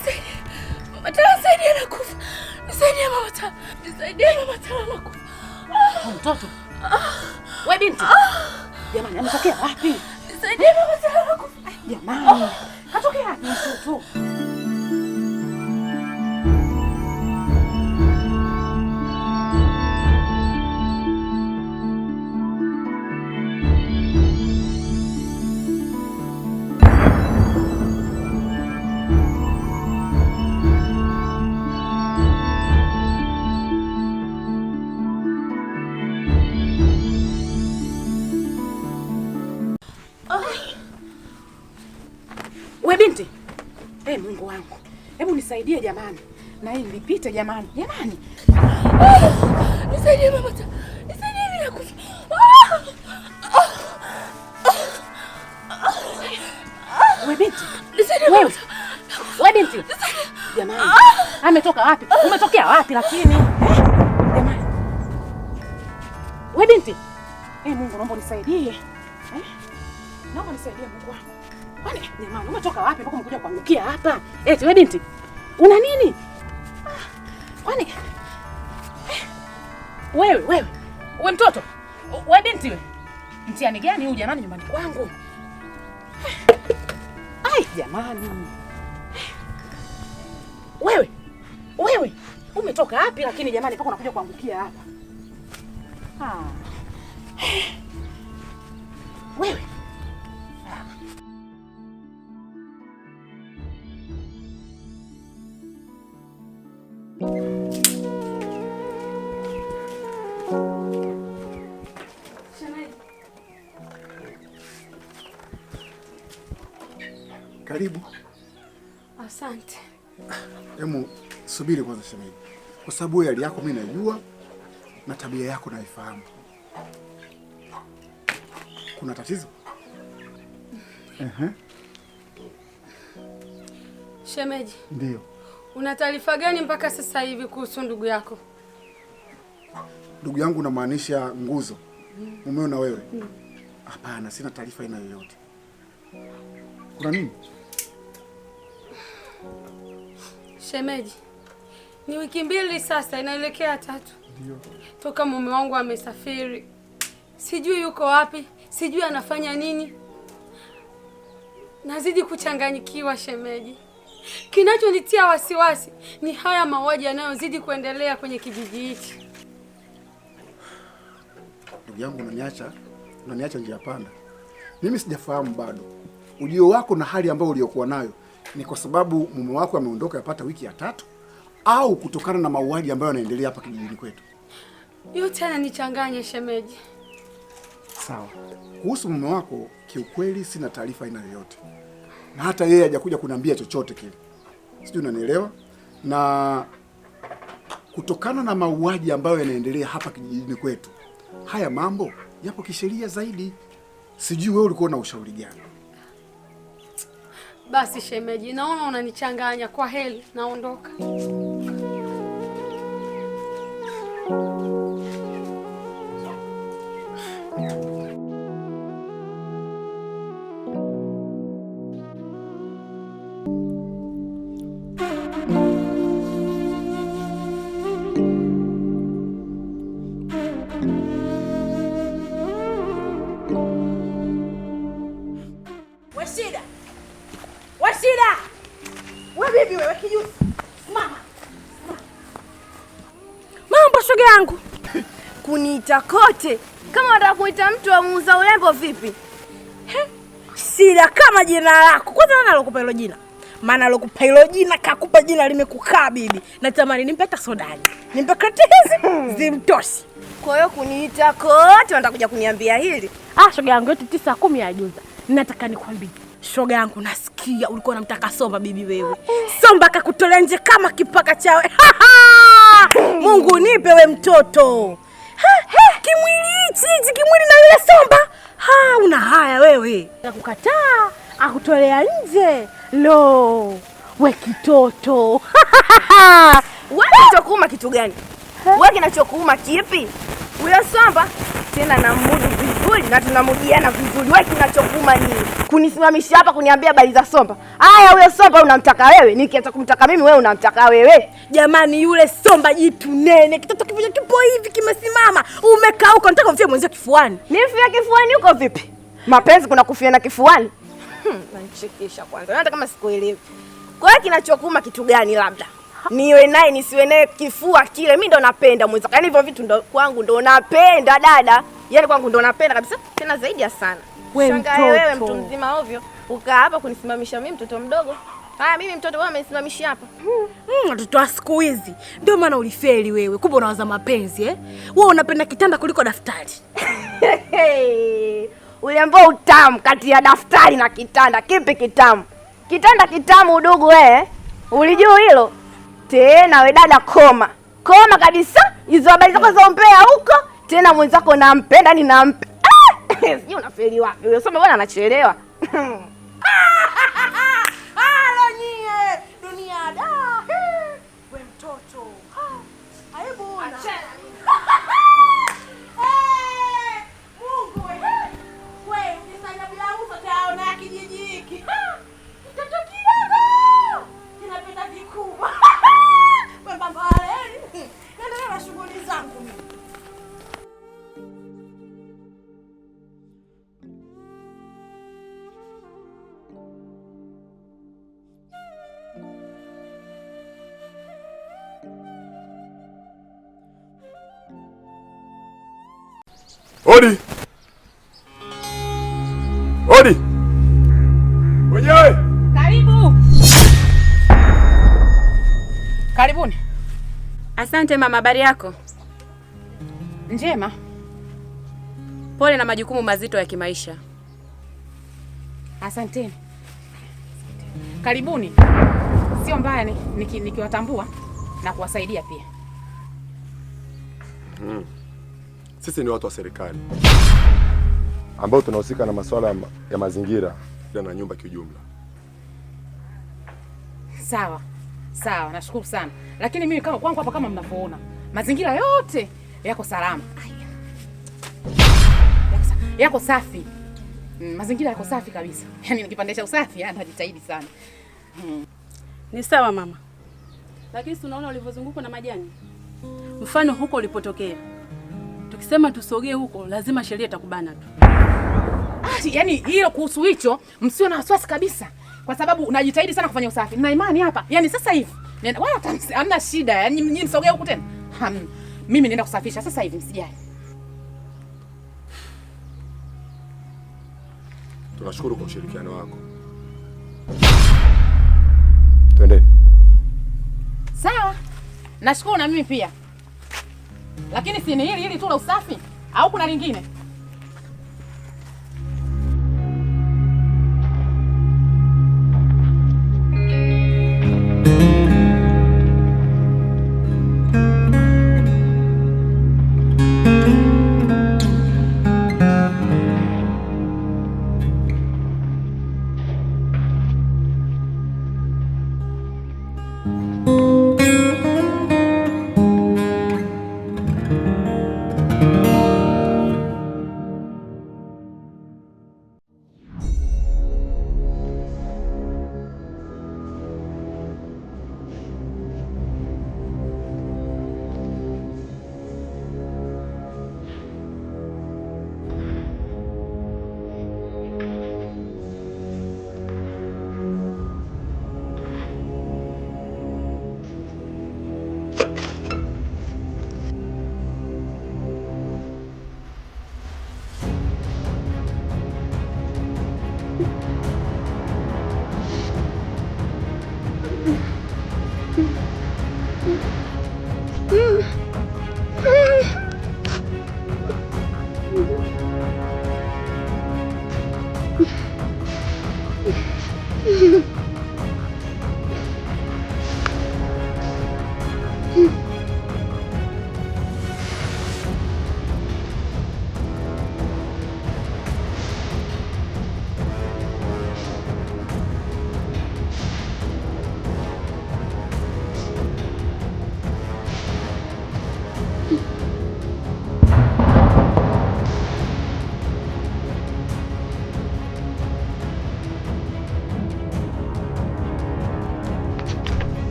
Mama nakufa. Mama Mama nakufa. Mtoto. Ah. Wewe binti. Ah. Jamani, amtokea wapi? Mama nakufa. Jamani, katokea wapi mtoto? wangu. Hebu nisaidie jamani, na hii nipite jamani, jamani ah, nisaidie mama, nisaidie bila kufa. Ah! Wewe binti, nisaidie wewe binti, jamani, ah! ametoka wapi? Umetokea wapi? Lakini jamani, wewe binti, eh, Mungu naomba nisaidie, eh, naomba nisaidie Mungu wangu. Kwani jamani, umetoka wapi mpaka umekuja kuangukia hapa? Eti eh, wewe binti, una nini? Ah, kwani eh, wewe wewe wewe mtoto wewe binti we mtiani gani huyu jamani, nyumbani kwangu? Eh, ai jamani, wewe wewe umetoka wapi lakini jamani, mpaka unakuja kuangukia hapa? Ah. Wewe Karibu. Asante. Emu, subiri kwanza shemeji, kwa sababu hali yako mimi naijua na tabia yako naifahamu. Kuna tatizo? Ehe. Shemeji. Ndio. Una taarifa gani mpaka sasa hivi kuhusu ndugu yako? Ndugu yangu namaanisha Nguzo, mumeona mm. wewe? Mm. Hapana, sina taarifa aina yoyote. Kuna nini? Shemeji, ni wiki mbili sasa inaelekea tatu Ndio. toka mume wangu amesafiri, sijui yuko wapi, sijui anafanya nini, nazidi kuchanganyikiwa shemeji. Kinachonitia wasiwasi ni haya mauaji yanayozidi kuendelea kwenye kijiji hiki. Ndugu yangu, unaniacha unaniacha njia panda. Mimi sijafahamu bado ujio wako na hali ambayo uliokuwa nayo ni kwa sababu mume wako ameondoka yapata wiki ya tatu, au kutokana na mauaji ambayo yanaendelea hapa kijijini kwetu? Yote nichanganye shemeji. Sawa, kuhusu mume wako kiukweli sina taarifa aina yoyote, na hata yeye hajakuja kuniambia chochote kile, sijui unanielewa. Na kutokana na mauaji ambayo yanaendelea hapa kijijini kwetu, haya mambo yapo kisheria zaidi. Sijui wewe ulikuwa na ushauri gani? Basi shemeji, naona unanichanganya. Kwa heri, naondoka. mambo shoga yangu kuniita kote kama unataka kuita mtu wa muuza urembo vipi? Sila kama jina lako kwanza, nani alokupa hilo jina? Maana alokupa hilo jina kakupa jina limekukaa bibi, natamani nimpe hata sodani, nimpe kreti hizi hmm. zimtoshi. Kwa hiyo kuniita kote unataka kuja kuniambia hili? Ah, shoga yangu yote tisa kumi ya juza, nataka nikwambie shoga yangu, nasikia Sikia, ulikuwa unamtaka Somba bibi wewe. Somba kakutolea nje kama kipaka chawe. Mungu nipe we mtoto kimwili hichi hichi kimwili na yule Somba. Ha, una haya wewe, akukataa akutolea nje. Lo, we kitoto we kinachokuuma kitu gani? We kinachokuuma kipi? Huyo Somba tena na mudu vizuri na tunamudiana vizuri. Wewe kinachokuma nini? Kunisimamisha hapa kuniambia habari za Somba? Haya, huyo Somba unamtaka wewe, nikianza kumtaka mimi wewe unamtaka wewe. Jamani, yule Somba jitu nene, kitoto kipo hivi kimesimama, umekaa huko, nataka mfie mwenzio kifuani. Nifie kifuani huko vipi? Mapenzi kuna kufia na kifuani? Hmm, Nanchikisha kwanza. Hata kama sikuelewi. Kwa hiyo kinachokuma kitu gani labda? Niwe naye nisiwe naye, kifua kile mimi ndo napenda mwenzako. Yaani hivyo vitu ndo kwangu ndo napenda dada. Yaani kwangu ndo napenda kabisa tena zaidi ya sana. Shangae wewe mtu mzima ovyo, ukaa hapa kunisimamisha mimi mtoto mdogo. Haya mimi mtoto wewe amenisimamisha hapa. Hmm, hmm, watoto wa siku hizi ndio maana ulifeli wewe. Kumbe unawaza mapenzi eh? Wewe unapenda kitanda kuliko daftari. Ule ambao utamu kati ya daftari na kitanda, kipi kitamu? Kitanda kitamu udugu wewe. Eh? Ulijua hilo? Tena we dada koma. Koma kabisa. Hizo habari zako za umbea huko tena mwenzako nampenda ni nampe, eh! sijui unafeli wapi? Unasema bwana anachelewa Odi. Odi. Wenyewe. Karibu. Karibuni. Asante mama, habari yako? Njema. Pole na majukumu mazito ya kimaisha. Asanteni. Karibuni. Sio mbaya nikiwatambua niki na kuwasaidia pia. Sisi ni watu wa serikali ambao tunahusika na masuala ya mazingira na nyumba kiujumla. Sawa sawa, nashukuru sana, lakini mimi kama kwangu hapa, kama mnavyoona, mazingira yote yako salama, yako safi, mm, mazingira yako safi kabisa. yaani nikipande cha usafi, anajitahidi ah, sana hmm. Ni sawa mama, lakini tunaona ulivyozungukwa na majani, mfano huko ulipotokea ukisema tusogee huko lazima sheria itakubana tu. Ah, yani hiyo kuhusu hicho msio na wasiwasi kabisa, kwa sababu najitahidi sana kufanya usafi na imani hapa, yani sasa hivi wala hamna shida. Yani nyinyi msogee huko tena, mimi nenda kusafisha sasa hivi, msijali. Tunashukuru kwa ushirikiano wako, twendeni. Sawa, nashukuru na mimi pia. Lakini si ni hili hili tu la usafi au kuna lingine?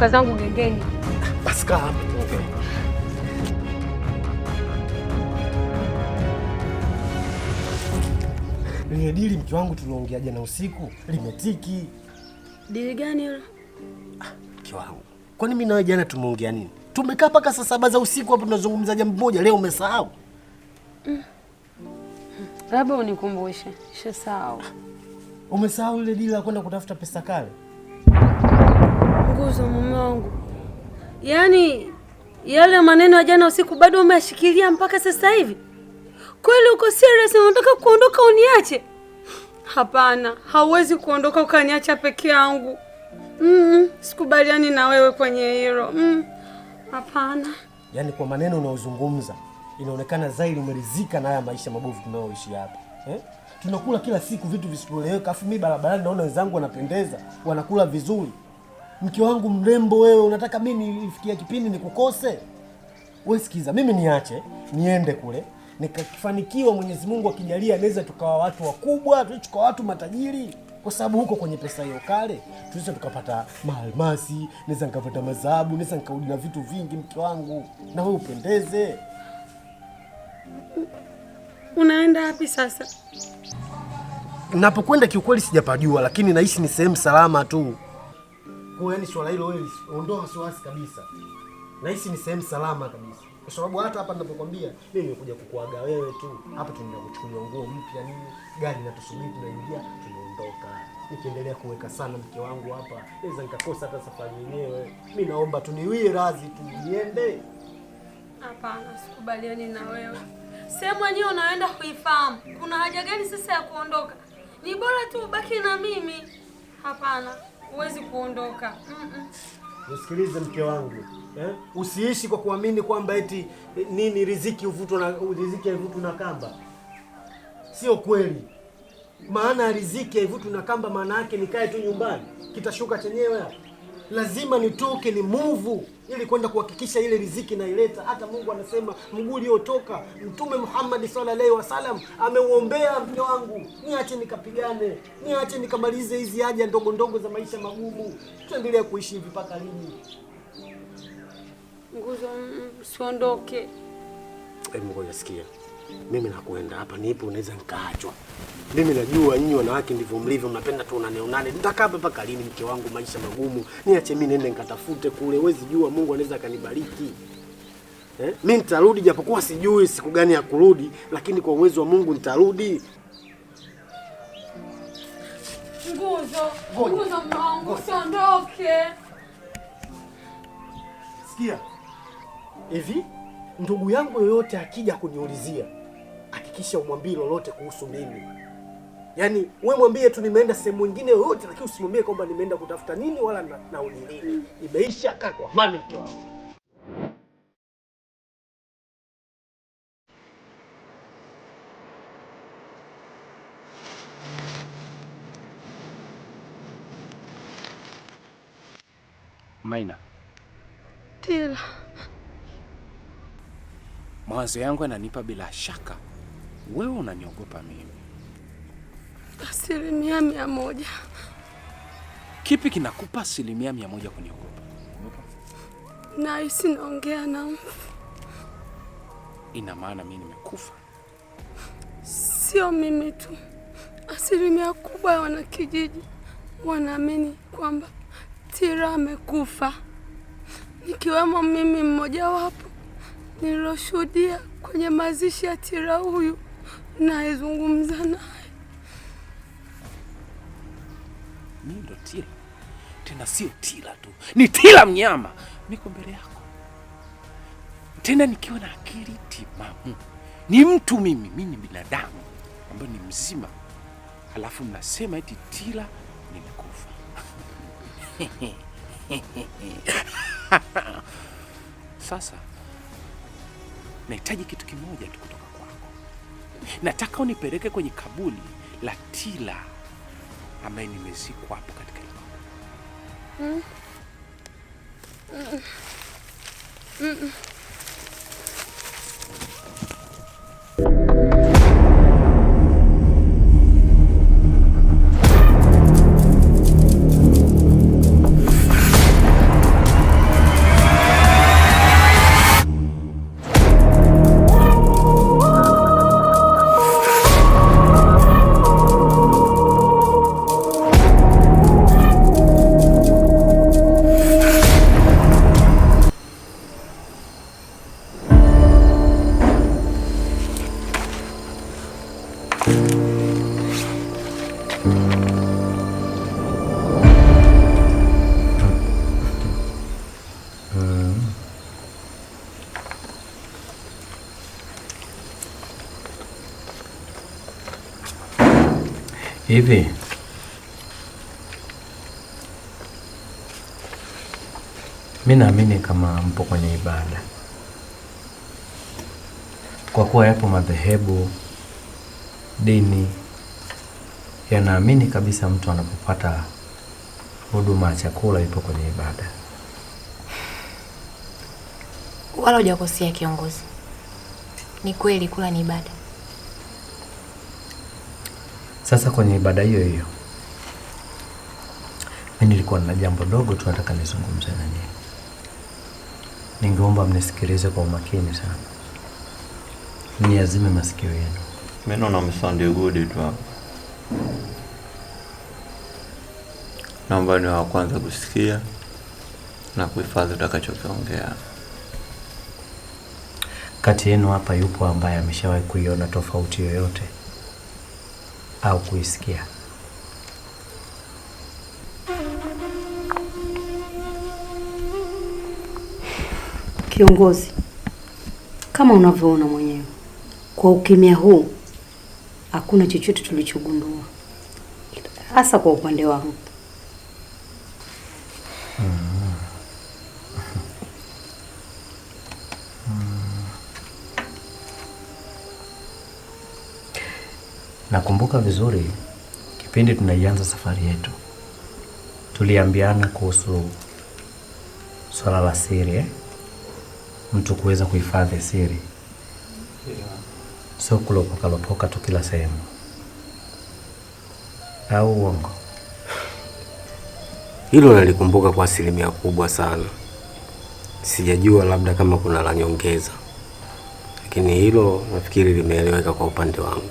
natoka zangu gengeni. Basi hapa. Lile dili mke wangu tuliongea jana usiku limetiki. Dili gani hilo? Ah, mke wangu, kwani mimi nawe jana tumeongea nini? Tumekaa mpaka saa saba za usiku hapo tunazungumza jambo moja, leo umesahau? Mm. Labda unikumbushe. Shasahau. Ah, umesahau lile dili la kwenda kutafuta pesa kale? kumgusa mume wangu. Yaani yale maneno ya jana usiku bado umeashikilia mpaka sasa hivi? Kweli uko serious unataka kuondoka uniache? Hapana, hauwezi kuondoka ukaniacha peke yangu. Mm, sikubaliani na wewe kwenye hilo. Mm. Hapana. Yaani kwa maneno unaozungumza inaonekana zaidi umeridhika na haya maisha mabovu tunayoishi hapa. Eh? Tunakula kila siku vitu visivyoeleweka, afu mimi barabarani naona wenzangu wanapendeza, wanakula vizuri mke wangu mrembo wewe, unataka mimi ifikia kipindi nikukose? Wewe sikiza, mimi niache niende kule nikafanikiwa, Mwenyezi Mungu akijalia, naweza tukawa watu wakubwa, tuchukua watu matajiri, kwa sababu huko kwenye pesa hiyo kale tuweza tukapata maalmasi, naweza nikapata mazahabu, naweza nikaudi na vitu vingi, mke wangu, na wewe upendeze. Unaenda wapi sasa? Napokwenda kiukweli sijapajua, lakini nahisi ni sehemu salama tu. Kwa yani swala hilo wewe ondoa wasiwasi kabisa. Nahisi ni sehemu salama kabisa. Kwa sababu hata hapa ninapokuambia mimi nimekuja kukuaga wewe tu. Hapa tunaenda kuchukulia nguo mpya nini, gari linatusubiri tunaingia, tunaondoka. Nikiendelea kuweka sana mke wangu hapa, naweza nikakosa hata safari yenyewe. Mimi naomba tuniwie radhi tu niende. Hapana, sikubaliani na wewe. Sehemu yenyewe unaenda kuifahamu. Kuna haja gani sasa ya kuondoka? Ni bora tu ubaki na mimi. Hapana huwezi kuondoka. Usikilize mke wangu eh? Usiishi kwa kuamini kwamba eti eh, nini riziki uvutwa na riziki haivutwi na kamba. Sio kweli. Maana ya riziki haivutwi na kamba maana yake nikae tu nyumbani kitashuka chenyewe lazima nitoke ni muvu ili kwenda kuhakikisha ile riziki naileta. Hata Mungu anasema mguu uliotoka, Mtume Muhammad sallallahu alaihi wasallam ameuombea mke wangu, niache nikapigane, niache nikamalize hizi haja ndogo ndogo za maisha magumu. Tuendelea kuishi hivi mpaka lini? Nguzo, mm, mm, siondoke Hebu ngoja sikia mimi nakwenda hapa, nipo unaweza nikaachwa. Mimi najua nyinyi wanawake ndivyo mlivyo, mnapenda tu unane. Nitakaa hapa mpaka lini, mke wangu? Maisha magumu, niache mimi nende nikatafute kule, wezi jua Mungu anaweza akanibariki. Eh, mimi nitarudi, japokuwa sijui siku gani ya kurudi, lakini kwa uwezo wa Mungu nitarudi. Nguzo, nguzo mwangu, usiondoke. Sikia hivi, ndugu yangu yoyote akija kuniulizia kisha umwambii lolote kuhusu mimi. Yaani we mwambie tu nimeenda sehemu nyingine yoyote, lakini usimwambie kwamba nimeenda kutafuta nini wala na, na ulilini. Imeisha kaka, kwa amani mtu wangu. Maina, Tila, mawazo yangu yananipa bila shaka wewe unaniogopa mimi asilimia mia moja. Kipi kinakupa asilimia mia moja kuniogopa? Nahisi naongea na mfu. Ina maana mimi nimekufa? Sio mimi tu, asilimia kubwa ya wanakijiji wanaamini kwamba Tira amekufa, nikiwemo mimi mmojawapo nililoshuhudia kwenye mazishi ya Tira huyu naye, zungumza naye. Mi ndo Tila tena, sio Tila tu, ni Tila mnyama. Niko mbele yako tena nikiwa na akili timamu. Ni mtu mimi, mi ni binadamu ambayo ni mzima, alafu mnasema eti Tila nimekufa. Sasa nahitaji kitu kimoja tu nataka unipeleke kwenye kaburi la Tila ambaye nimezikwa hapo katika hilo mm. mm -mm. mm -mm. Hivi mi naamini kama mpo kwenye ibada, kwa kuwa yapo madhehebu dini yanaamini kabisa mtu anapopata huduma ya chakula ipo kwenye ibada. Wala hujakosea kiongozi, ni kweli, kula ni ibada. Sasa kwenye ibada hiyo hiyo mimi nilikuwa na jambo dogo tu nataka nizungumze na nyinyi. Ningeomba mnisikilize kwa umakini sana, azime masikio yenu. Mimi naona msandigudi tu hapa, naomba ni wa kwanza kusikia na kuhifadhi utakachokiongea. Kati yenu hapa yupo ambaye ameshawahi kuiona tofauti yoyote au kuisikia. Kiongozi, kama unavyoona mwenyewe, kwa ukimya huu hakuna chochote tulichogundua, hasa kwa upande wangu. Nakumbuka vizuri kipindi tunaianza safari yetu, tuliambiana kuhusu swala la siri eh? Mtu kuweza kuhifadhi siri yeah. Sio kulopokalopoka tu kila sehemu, au uongo? Hilo nalikumbuka kwa asilimia kubwa sana. Sijajua labda kama kuna la nyongeza, lakini hilo nafikiri limeeleweka kwa upande wangu.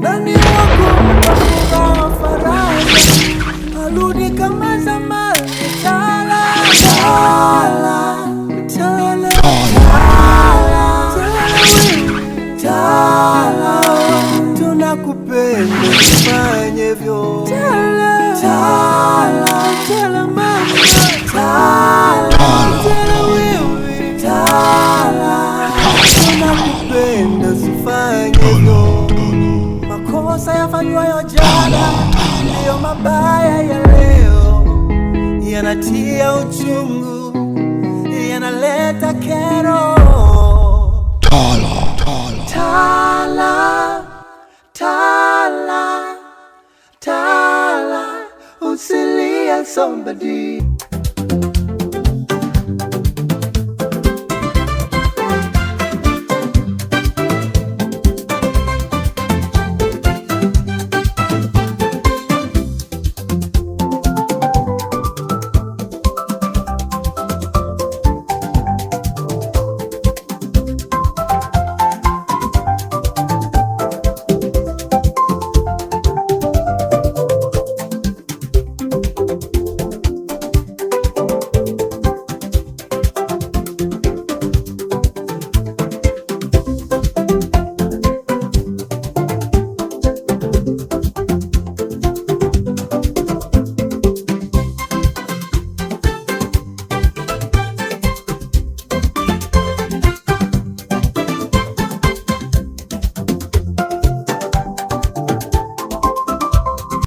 nani wako wa faraja, arudi kama zamani. makosa yafanywayo jana ndiyo mabaya ya leo, yanatia uchungu, yanaleta kero. Tala, tala, tala, tala, tala, usilia somebody